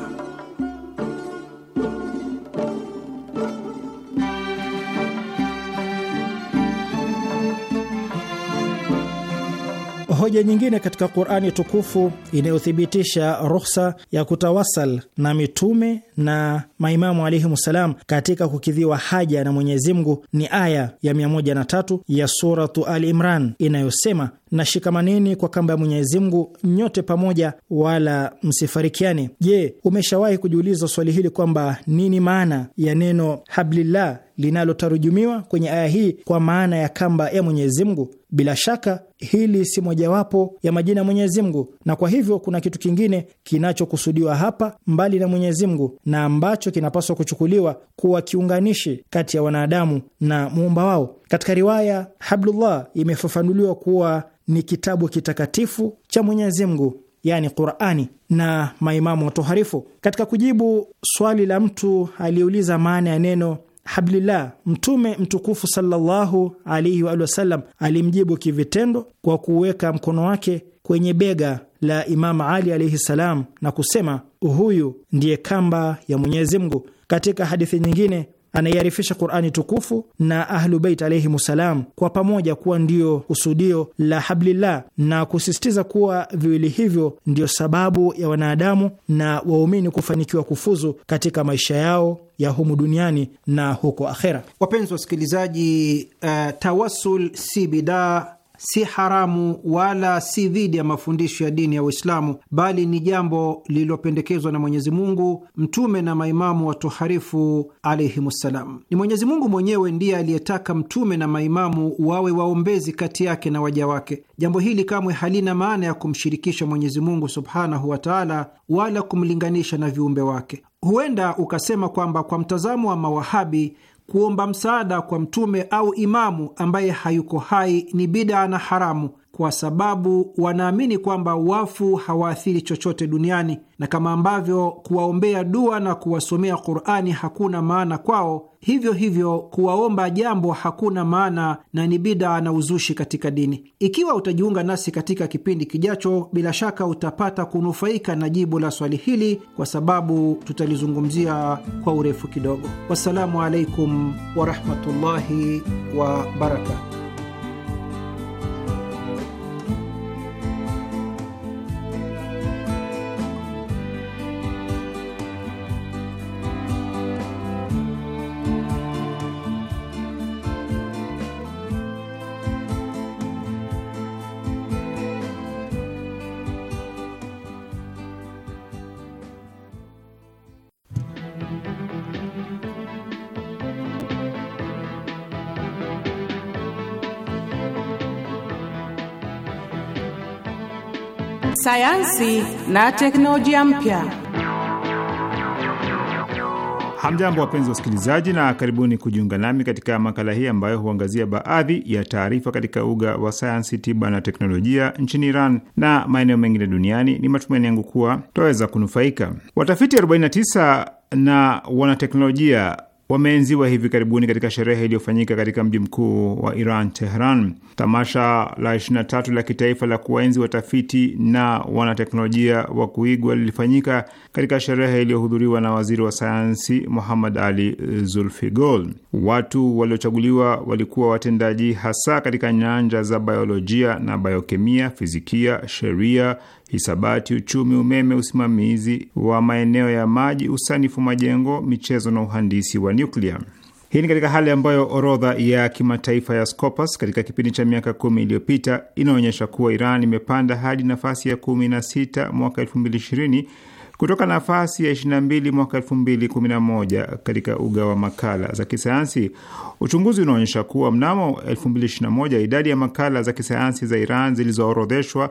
Hoja nyingine katika Qurani tukufu inayothibitisha ruhusa ya kutawasal na mitume na maimamu alaihimsalam katika kukidhiwa haja na Mwenyezi Mungu ni aya ya 103 ya Suratu Al Imran inayosema, na kwa kamba ya Mwenyezi Mungu nyote pamoja, wala msifarikiane. Je, umeshawahi kujiuliza swali hili kwamba nini maana ya neno hablillah linalotarujumiwa kwenye aya hii kwa maana ya kamba ya Mwenyezi Mungu? Bila shaka hili si mojawapo ya majina ya Mwenyezi Mungu, na kwa hivyo kuna kitu kingine kinachokusudiwa hapa mbali na Mwenyezi Mungu, na ambacho kinapaswa kuchukuliwa kuwa kiunganishi kati ya wanadamu na muumba wao. Katika riwaya Hablullah imefafanuliwa kuwa ni kitabu kitakatifu cha Mwenyezi Mungu, yani Qurani na maimamu watoharifu. Katika kujibu swali la mtu aliyeuliza maana ya neno hablillah, Mtume mtukufu sallallahu alaihi wa sallam alimjibu kivitendo kwa kuweka mkono wake kwenye bega la Imam Ali alaihi salam na kusema, huyu ndiye kamba ya Mwenyezi Mungu. Katika hadithi nyingine anaiarifisha Qurani tukufu na Ahlubeit ssalam kwa pamoja kuwa ndio kusudio la hablillah na kusisitiza kuwa viwili hivyo ndio sababu ya wanadamu na waumini kufanikiwa kufuzu katika maisha yao ya humu duniani na huko akhera. Wapenzi wasikilizaji, uh, eh, tawasul si bidaa si haramu wala si dhidi ya mafundisho ya dini ya Uislamu, bali ni jambo lililopendekezwa na Mwenyezi Mungu, mtume na maimamu watoharifu alaihimussalam. Ni Mwenyezi Mungu mwenyewe ndiye aliyetaka mtume na maimamu wawe waombezi kati yake na waja wake. Jambo hili kamwe halina maana ya kumshirikisha Mwenyezi Mungu subhanahu wa taala wala kumlinganisha na viumbe wake. Huenda ukasema kwamba kwa mtazamo wa Mawahabi kuomba msaada kwa mtume au imamu ambaye hayuko hai ni bidaa na haramu, kwa sababu wanaamini kwamba wafu hawaathiri chochote duniani, na kama ambavyo kuwaombea dua na kuwasomea Qur'ani hakuna maana kwao, hivyo hivyo kuwaomba jambo hakuna maana na ni bidaa na uzushi katika dini. Ikiwa utajiunga nasi katika kipindi kijacho, bila shaka utapata kunufaika na jibu la swali hili, kwa sababu tutalizungumzia kwa urefu kidogo. Wassalamu alaikum warahmatullahi wabarakatu. sayansi na teknolojia mpya. Hamjambo, wapenzi wa usikilizaji, na karibuni kujiunga nami katika makala hii ambayo huangazia baadhi ya taarifa katika uga wa sayansi, tiba na teknolojia nchini Iran na maeneo mengine duniani. Ni matumaini yangu kuwa tutaweza kunufaika. Watafiti 49 na wanateknolojia wameenziwa hivi karibuni katika sherehe iliyofanyika katika mji mkuu wa Iran, Tehran. Tamasha la 23 la kitaifa la kuwaenzi watafiti na wanateknolojia wa kuigwa lilifanyika katika sherehe iliyohudhuriwa na waziri wa sayansi Muhammad Ali Zulfigol. Watu waliochaguliwa walikuwa watendaji hasa katika nyanja za biolojia na biokemia, fizikia, sheria hisabati, uchumi, umeme, usimamizi wa maeneo ya maji, usanifu majengo, michezo na uhandisi wa nyuklia. Hii ni katika hali ambayo orodha ya kimataifa ya Scopus katika kipindi cha miaka kumi iliyopita inaonyesha kuwa Iran imepanda hadi nafasi ya kumi na sita mwaka elfu mbili ishirini kutoka nafasi ya 22 mwaka 2011 katika uga wa makala za kisayansi. Uchunguzi unaonyesha kuwa mnamo 2021 idadi ya makala za kisayansi za Iran zilizoorodheshwa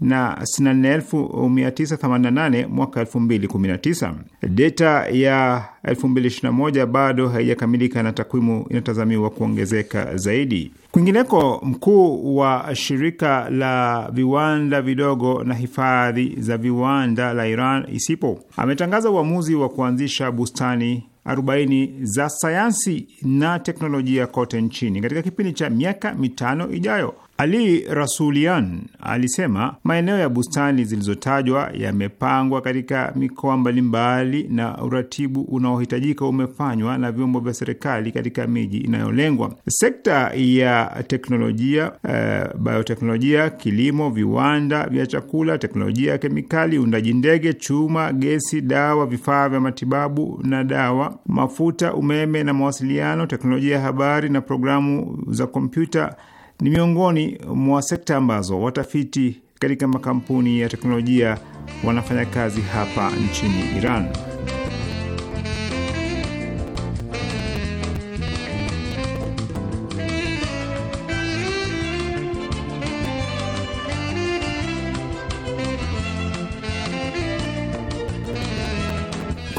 na 64988 mwaka 2019. Data ya 2021 bado haijakamilika na takwimu inatazamiwa kuongezeka zaidi. Kwingineko, mkuu wa shirika la viwanda vidogo na hifadhi za viwanda la Iran ISIPO ametangaza uamuzi wa kuanzisha bustani 40 za sayansi na teknolojia kote nchini katika kipindi cha miaka mitano ijayo. Ali Rasulian alisema maeneo ya bustani zilizotajwa yamepangwa katika mikoa mbalimbali na uratibu unaohitajika umefanywa na vyombo vya serikali katika miji inayolengwa. Sekta ya teknolojia uh, bioteknolojia, kilimo, viwanda vya chakula, teknolojia ya kemikali, uundaji ndege, chuma, gesi, dawa, vifaa vya matibabu na dawa, mafuta, umeme na mawasiliano, teknolojia ya habari na programu za kompyuta ni miongoni mwa sekta ambazo watafiti katika makampuni ya teknolojia wanafanya kazi hapa nchini Iran.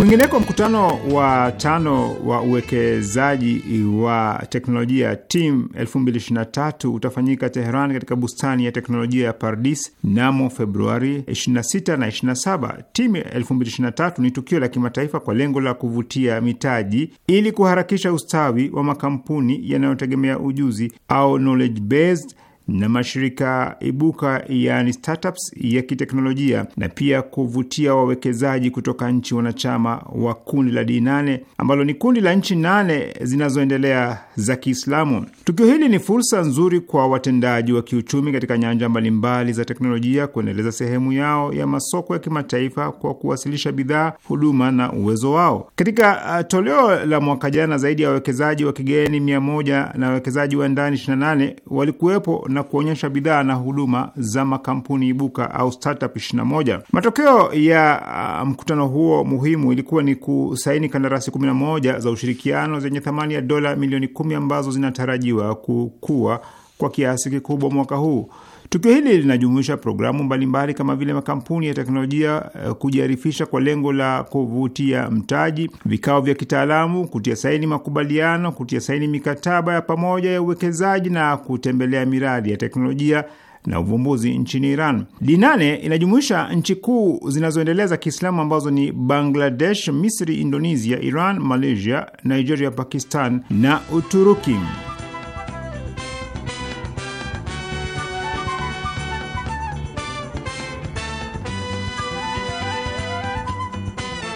Kwingineko, mkutano wa tano wa uwekezaji wa teknolojia TIM 2023 utafanyika Teheran katika bustani ya teknolojia ya Pardis mnamo Februari 26 na 27. TIM 2023 ni tukio la kimataifa kwa lengo la kuvutia mitaji ili kuharakisha ustawi wa makampuni yanayotegemea ujuzi au knowledge based na mashirika ibuka yani startups ya kiteknolojia na pia kuvutia wawekezaji kutoka nchi wanachama wa kundi la D8 ambalo ni kundi la nchi nane zinazoendelea za Kiislamu. Tukio hili ni fursa nzuri kwa watendaji wa kiuchumi katika nyanja mbalimbali za teknolojia kuendeleza sehemu yao ya masoko ya kimataifa kwa kuwasilisha bidhaa, huduma na uwezo wao. Katika uh, toleo la mwaka jana, zaidi ya wawekezaji wa kigeni mia moja na wawekezaji wa ndani 28 walikuwepo na kuonyesha bidhaa na huduma za makampuni ibuka au startup 21. Matokeo ya uh, mkutano huo muhimu ilikuwa ni kusaini kandarasi 11 za ushirikiano zenye thamani ya dola milioni 10 ambazo zinatarajiwa kukua kwa kiasi kikubwa mwaka huu. Tukio hili linajumuisha programu mbalimbali kama vile makampuni ya teknolojia eh, kujiarifisha kwa lengo la kuvutia mtaji, vikao vya kitaalamu, kutia saini makubaliano, kutia saini mikataba ya pamoja ya uwekezaji na kutembelea miradi ya teknolojia na uvumbuzi nchini Iran. Dinane inajumuisha nchi kuu zinazoendeleza Kiislamu ambazo ni Bangladesh, Misri, Indonesia, Iran, Malaysia, Nigeria, Pakistan na Uturuki.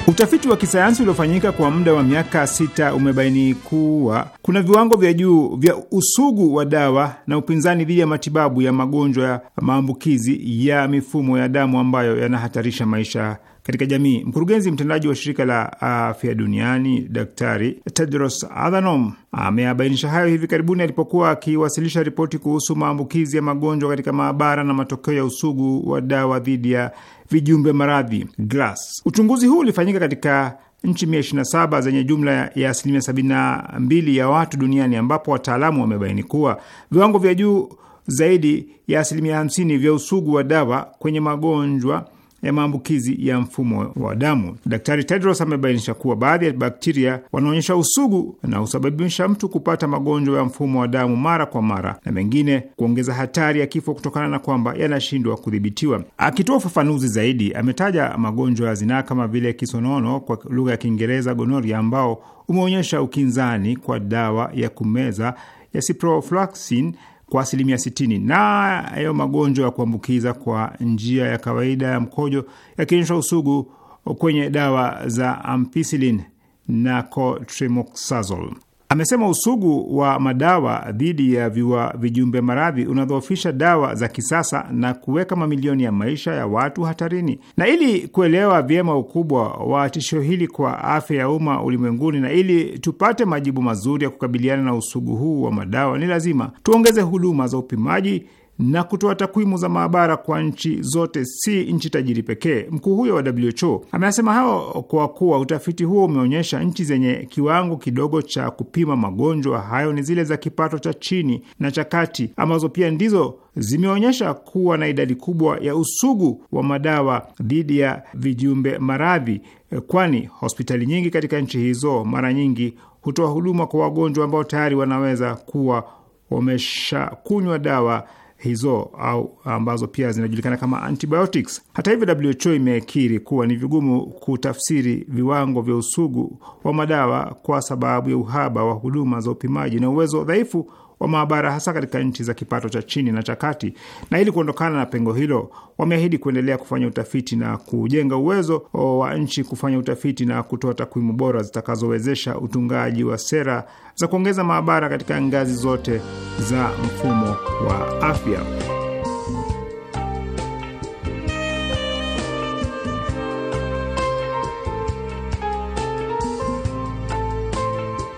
Utafiti wa kisayansi uliofanyika kwa muda wa miaka sita umebaini kuwa kuna viwango vya juu vya usugu wa dawa na upinzani dhidi ya matibabu ya magonjwa ya maambukizi ya mifumo ya damu ambayo yanahatarisha maisha katika jamii. Mkurugenzi mtendaji wa shirika la afya duniani Daktari Tedros Adhanom ameabainisha hayo hivi karibuni alipokuwa akiwasilisha ripoti kuhusu maambukizi ya magonjwa katika maabara na matokeo ya usugu wa dawa dhidi ya vijumbe maradhi GLAS. Uchunguzi huu ulifanyika katika nchi 127 zenye jumla ya asilimia 72 ya watu duniani, ambapo wataalamu wamebaini kuwa viwango vya juu zaidi ya asilimia 50 vya usugu wa dawa kwenye magonjwa ya maambukizi ya mfumo wa damu. Daktari Tedros amebainisha kuwa baadhi ya bakteria wanaonyesha usugu na husababisha mtu kupata magonjwa ya mfumo wa damu mara kwa mara na mengine kuongeza hatari ya kifo kutokana na kwamba yanashindwa kudhibitiwa. Akitoa ufafanuzi zaidi, ametaja magonjwa ya zinaa kama vile kisonono kwa lugha ya Kiingereza gonoria, ambao umeonyesha ukinzani kwa dawa ya kumeza ya ciprofloxacin kwa asilimia 60 nayo magonjwa ya kuambukiza kwa njia ya kawaida ya mkojo yakionyesha usugu kwenye dawa za ampicillin na cotrimoxazole. Amesema usugu wa madawa dhidi ya viwa vijumbe maradhi unadhoofisha dawa za kisasa na kuweka mamilioni ya maisha ya watu hatarini. Na ili kuelewa vyema ukubwa wa tishio hili kwa afya ya umma ulimwenguni, na ili tupate majibu mazuri ya kukabiliana na usugu huu wa madawa, ni lazima tuongeze huduma za upimaji na kutoa takwimu za maabara kwa nchi zote, si nchi tajiri pekee. Mkuu huyo wa WHO amesema hayo kwa kuwa utafiti huo umeonyesha nchi zenye kiwango kidogo cha kupima magonjwa hayo ni zile za kipato cha chini na cha kati, ambazo pia ndizo zimeonyesha kuwa na idadi kubwa ya usugu wa madawa dhidi ya vijiumbe maradhi, kwani hospitali nyingi katika nchi hizo mara nyingi hutoa huduma kwa wagonjwa ambao tayari wanaweza kuwa wameshakunywa dawa hizo au ambazo pia zinajulikana kama antibiotics. Hata hivyo, WHO imekiri kuwa ni vigumu kutafsiri viwango vya usugu wa madawa kwa sababu ya uhaba wa huduma za upimaji na uwezo dhaifu wa maabara hasa katika nchi za kipato cha chini na cha kati. Na ili kuondokana na pengo hilo, wameahidi kuendelea kufanya utafiti na kujenga uwezo wa nchi kufanya utafiti na kutoa takwimu bora zitakazowezesha utungaji wa sera za kuongeza maabara katika ngazi zote za mfumo wa afya.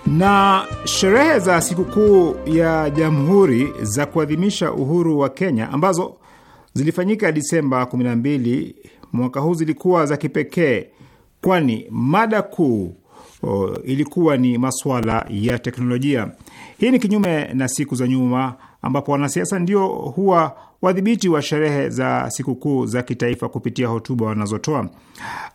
na sherehe za sikukuu ya Jamhuri za kuadhimisha uhuru wa Kenya ambazo zilifanyika Disemba 12 mwaka huu zilikuwa za kipekee, kwani mada kuu ilikuwa ni masuala ya teknolojia. Hii ni kinyume na siku za nyuma ambapo wanasiasa ndio huwa wadhibiti wa sherehe za sikukuu za kitaifa kupitia hotuba wanazotoa.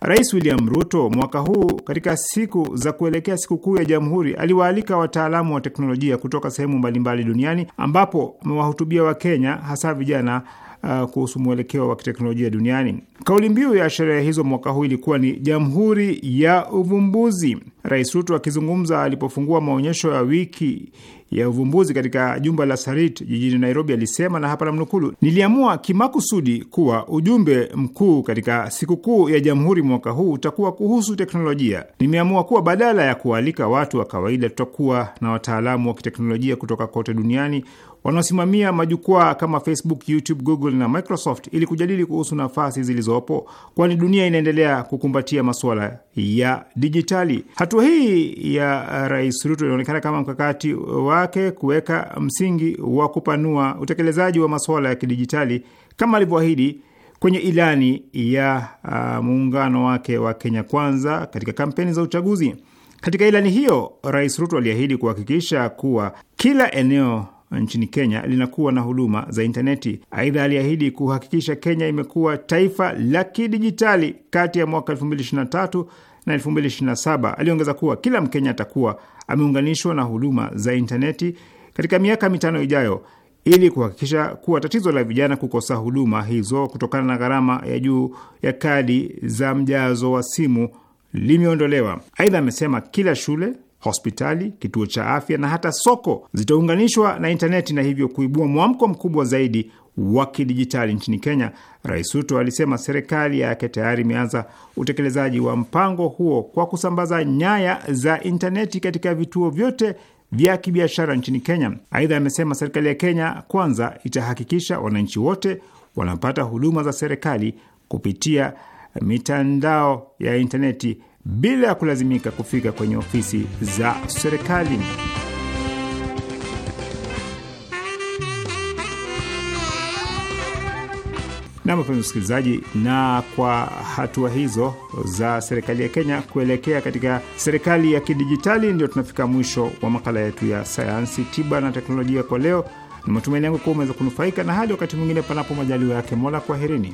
Rais William Ruto mwaka huu katika siku za kuelekea sikukuu ya Jamhuri aliwaalika wataalamu wa teknolojia kutoka sehemu mbalimbali duniani ambapo amewahutubia Wakenya hasa vijana uh, kuhusu mwelekeo wa kiteknolojia duniani. Kauli mbiu ya sherehe hizo mwaka huu ilikuwa ni jamhuri ya uvumbuzi. Rais Ruto akizungumza alipofungua maonyesho ya wiki ya uvumbuzi katika jumba la Sarit jijini Nairobi alisema, na hapa namnukulu: niliamua kimakusudi kuwa ujumbe mkuu katika sikukuu ya jamhuri mwaka huu utakuwa kuhusu teknolojia. Nimeamua kuwa badala ya kualika watu wa kawaida, tutakuwa na wataalamu wa kiteknolojia kutoka kote duniani wanaosimamia majukwaa kama Facebook, YouTube, Google na Microsoft ili kujadili kuhusu nafasi zilizopo, kwani dunia inaendelea kukumbatia masuala ya dijitali. Hatua hii ya Rais Ruto inaonekana kama mkakati wake kuweka msingi wa kupanua utekelezaji wa masuala ya kidijitali kama alivyoahidi kwenye ilani ya uh, muungano wake wa Kenya Kwanza katika kampeni za uchaguzi. Katika ilani hiyo, Rais Ruto aliahidi kuhakikisha kuwa kila eneo nchini Kenya linakuwa na huduma za intaneti. Aidha, aliahidi kuhakikisha Kenya imekuwa taifa la kidijitali kati ya mwaka 2023 na 2027. Aliongeza kuwa kila Mkenya atakuwa ameunganishwa na huduma za intaneti katika miaka mitano ijayo ili kuhakikisha kuwa tatizo la vijana kukosa huduma hizo kutokana na gharama ya juu ya kadi za mjazo wa simu limeondolewa. Aidha, amesema kila shule hospitali, kituo cha afya na hata soko zitaunganishwa na intaneti na hivyo kuibua mwamko mkubwa zaidi wa kidijitali nchini Kenya. Rais Ruto alisema serikali yake tayari imeanza utekelezaji wa mpango huo kwa kusambaza nyaya za intaneti katika vituo vyote vya kibiashara nchini Kenya. Aidha, amesema serikali ya Kenya Kwanza itahakikisha wananchi wote wanapata huduma za serikali kupitia mitandao ya intaneti bila ya kulazimika kufika kwenye ofisi za serikali. Na mpenzi msikilizaji, na kwa hatua hizo za serikali ya Kenya kuelekea katika serikali ya kidijitali, ndio tunafika mwisho wa makala yetu ya sayansi, tiba na teknolojia kwa leo. Ni matumaini yangu kuwa umeweza kunufaika, na hadi wakati mwingine, panapo majaliwa yake Mola, kwaherini.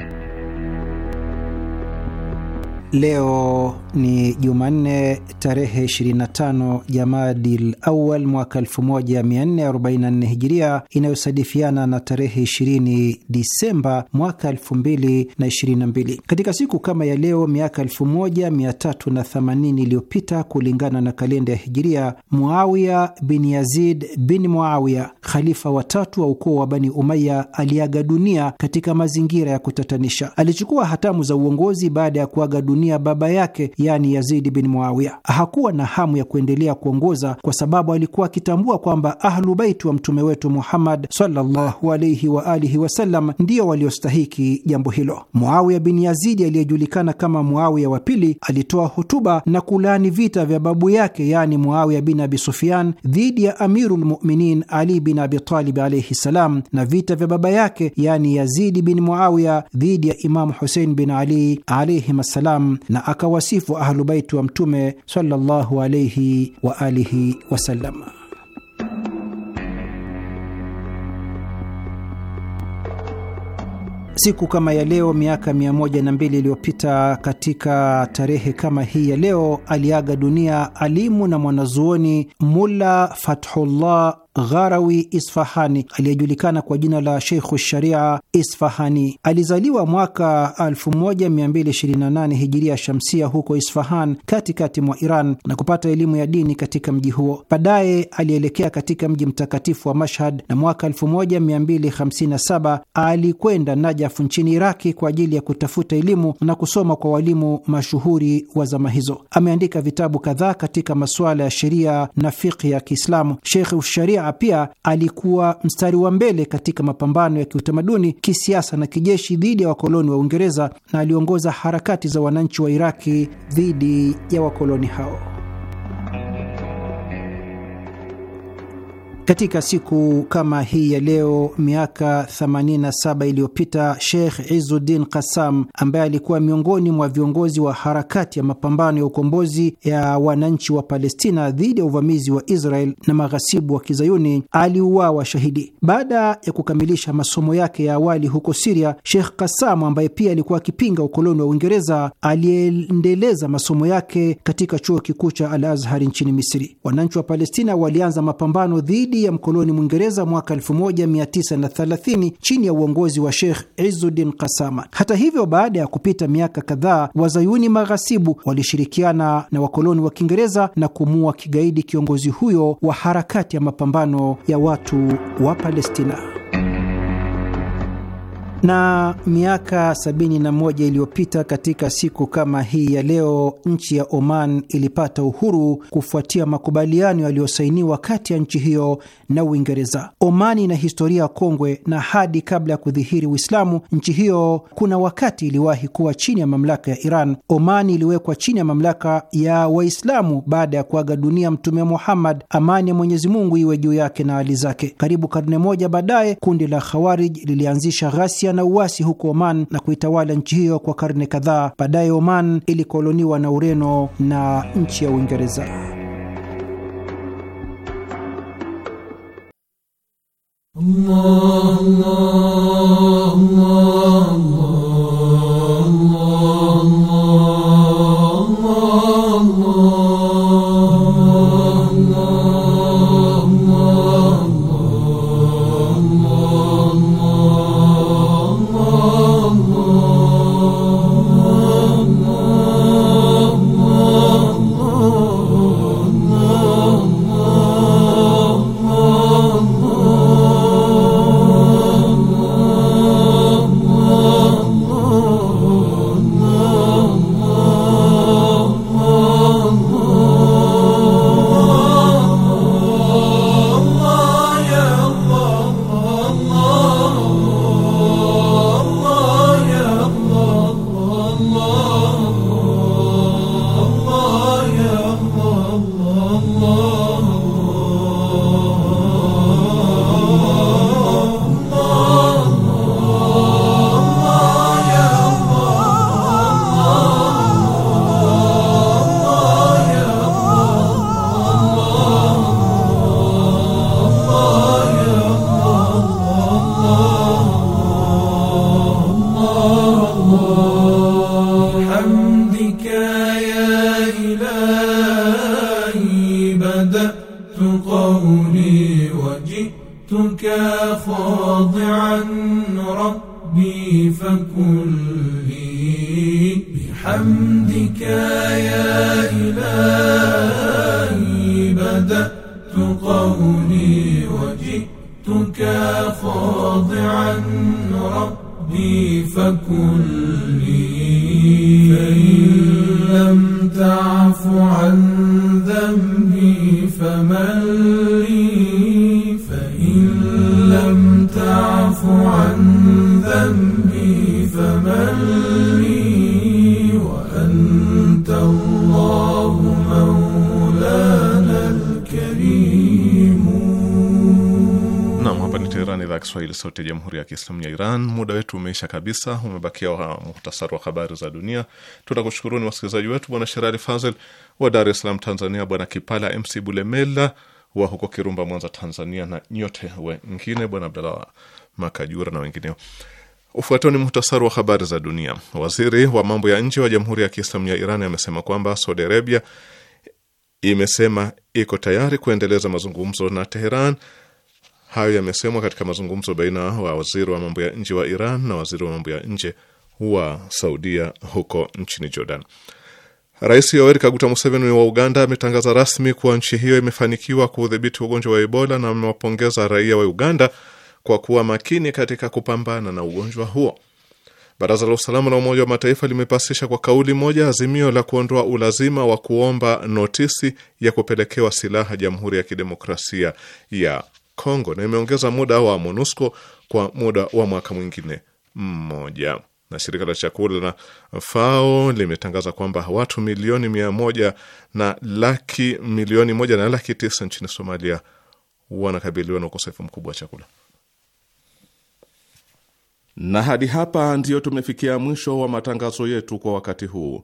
Leo ni Jumanne tarehe 25 Jamadil Awal mwaka 1444 Hijiria, inayosadifiana na tarehe 20 Disemba mwaka 2022. Katika siku kama ya leo miaka 1380 iliyopita, kulingana na kalenda ya Hijiria, Muawiya bin Yazid bin Muawiya, khalifa watatu wa ukoo wa Bani Umaya, aliaga dunia katika mazingira ya kutatanisha. Alichukua hatamu za uongozi baada ya kuaga dunia dunia baba yake, yani Yazidi bin Muawiya. Hakuwa na hamu ya kuendelea kuongoza kwa sababu alikuwa akitambua kwamba Ahlu Baiti wa mtume wetu Muhammad sallallahu alaihi wa alihi wasallam ndio waliostahiki jambo hilo. Muawiya bin Yazidi aliyejulikana kama Muawiya wa pili alitoa hotuba na kulaani vita vya babu yake, yaani Muawiya bin Abi Sufyan dhidi ya Amirulmuminin Ali bin Abitalib alaihi salam, na vita vya baba yake, yani Yazidi bin Muawiya dhidi ya Imamu Husein bin Ali alaihim assalam na akawasifu ahlubaiti wa Mtume sallallahu alaihi wa alihi wasallam. Siku kama ya leo miaka 12 iliyopita katika tarehe kama hii ya leo aliaga dunia alimu na mwanazuoni Mulla Fathullah Gharawi Isfahani aliyejulikana kwa jina la Sheikhu Sharia Isfahani. Alizaliwa mwaka 1228 hijiria shamsia huko Isfahan katikati mwa Iran na kupata elimu ya dini katika mji huo. Baadaye alielekea katika mji mtakatifu wa Mashhad na mwaka 1257 alikwenda Najafu nchini Iraki kwa ajili ya kutafuta elimu na kusoma kwa walimu mashuhuri wa zama hizo. Ameandika vitabu kadhaa katika masuala ya sheria na fiki ya Kiislamu. Sheikh Sharia Shia pia alikuwa mstari wa mbele katika mapambano ya kiutamaduni, kisiasa na kijeshi dhidi ya wakoloni wa Uingereza na aliongoza harakati za wananchi wa Iraki dhidi ya wakoloni hao. Katika siku kama hii ya leo miaka 87 iliyopita Sheikh Izuddin Qassam ambaye alikuwa miongoni mwa viongozi wa harakati ya mapambano ya ukombozi ya wananchi wa Palestina dhidi ya uvamizi wa Israel na maghasibu wa Kizayuni aliuawa shahidi. Baada ya kukamilisha masomo yake ya awali huko Siria, Sheikh Qassam ambaye pia alikuwa akipinga ukoloni wa Uingereza aliendeleza masomo yake katika chuo kikuu cha Al Azhar nchini Misri. Wananchi wa Palestina walianza mapambano dhidi ya mkoloni Mwingereza mwaka 1930 chini ya uongozi wa Sheikh Izzuddin Kasama. Hata hivyo, baada ya kupita miaka kadhaa, wazayuni maghasibu walishirikiana na wakoloni wa Kiingereza na kumuua kigaidi kiongozi huyo wa harakati ya mapambano ya watu wa Palestina. Na miaka 71 iliyopita katika siku kama hii ya leo, nchi ya Oman ilipata uhuru kufuatia makubaliano yaliyosainiwa kati ya nchi hiyo na Uingereza. Oman ina historia kongwe, na hadi kabla ya kudhihiri Uislamu, nchi hiyo kuna wakati iliwahi kuwa chini ya mamlaka ya Iran. Oman iliwekwa chini ya mamlaka ya Waislamu baada ya kuaga dunia Mtume Muhammad, amani ya Mwenyezi Mungu iwe juu yake na hali zake. Karibu karne moja baadaye, kundi la Khawarij lilianzisha ghasia ghasia na uasi huko Oman na kuitawala nchi hiyo kwa karne kadhaa. Baadaye Oman ilikoloniwa na Ureno na nchi ya Uingereza. Allah, Allah, Allah, Allah. Jamhuri ya Kiislamu ya Iran. Muda wetu umeisha kabisa, umebakia wa muhtasari wa habari za dunia. Tunakushukuruni wasikilizaji wetu, Bwana Sherari Fazel wa Dar es Salaam, Tanzania, Bwana Kipala MC Bulemela wa huko Kirumba, Mwanza, Tanzania, na nyote wengine, Bwana Abdallah Makajura na wengineo. Ufuatao ni muhtasari wa habari za dunia. Waziri wa mambo ya nje wa Jamhuri ya Kiislamu ya Iran amesema kwamba Saudi Arabia imesema iko tayari kuendeleza mazungumzo na Teheran Hayo yamesemwa katika mazungumzo baina wa waziri wa mambo ya nje wa Iran na waziri wa mambo ya nje wa Saudia huko nchini Jordan. Rais Yoweri Kaguta Museveni wa Uganda ametangaza rasmi kuwa nchi hiyo imefanikiwa kuudhibiti ugonjwa wa Ebola na amewapongeza raia wa Uganda kwa kuwa makini katika kupambana na ugonjwa huo. Baraza la Usalama la Umoja wa Mataifa limepasisha kwa kauli moja azimio la kuondoa ulazima wa kuomba notisi ya kupelekewa silaha Jamhuri ya Kidemokrasia ya Kongo na imeongeza muda wa MONUSCO kwa muda wa mwaka mwingine mmoja. Na shirika la chakula na FAO limetangaza kwamba watu milioni mia moja na laki milioni moja na laki tisa nchini Somalia wanakabiliwa na ukosefu mkubwa wa chakula. Na hadi hapa ndiyo tumefikia mwisho wa matangazo yetu kwa wakati huu.